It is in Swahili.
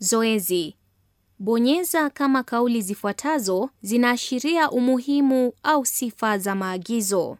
Zoezi: bonyeza kama kauli zifuatazo zinaashiria umuhimu au sifa za maagizo.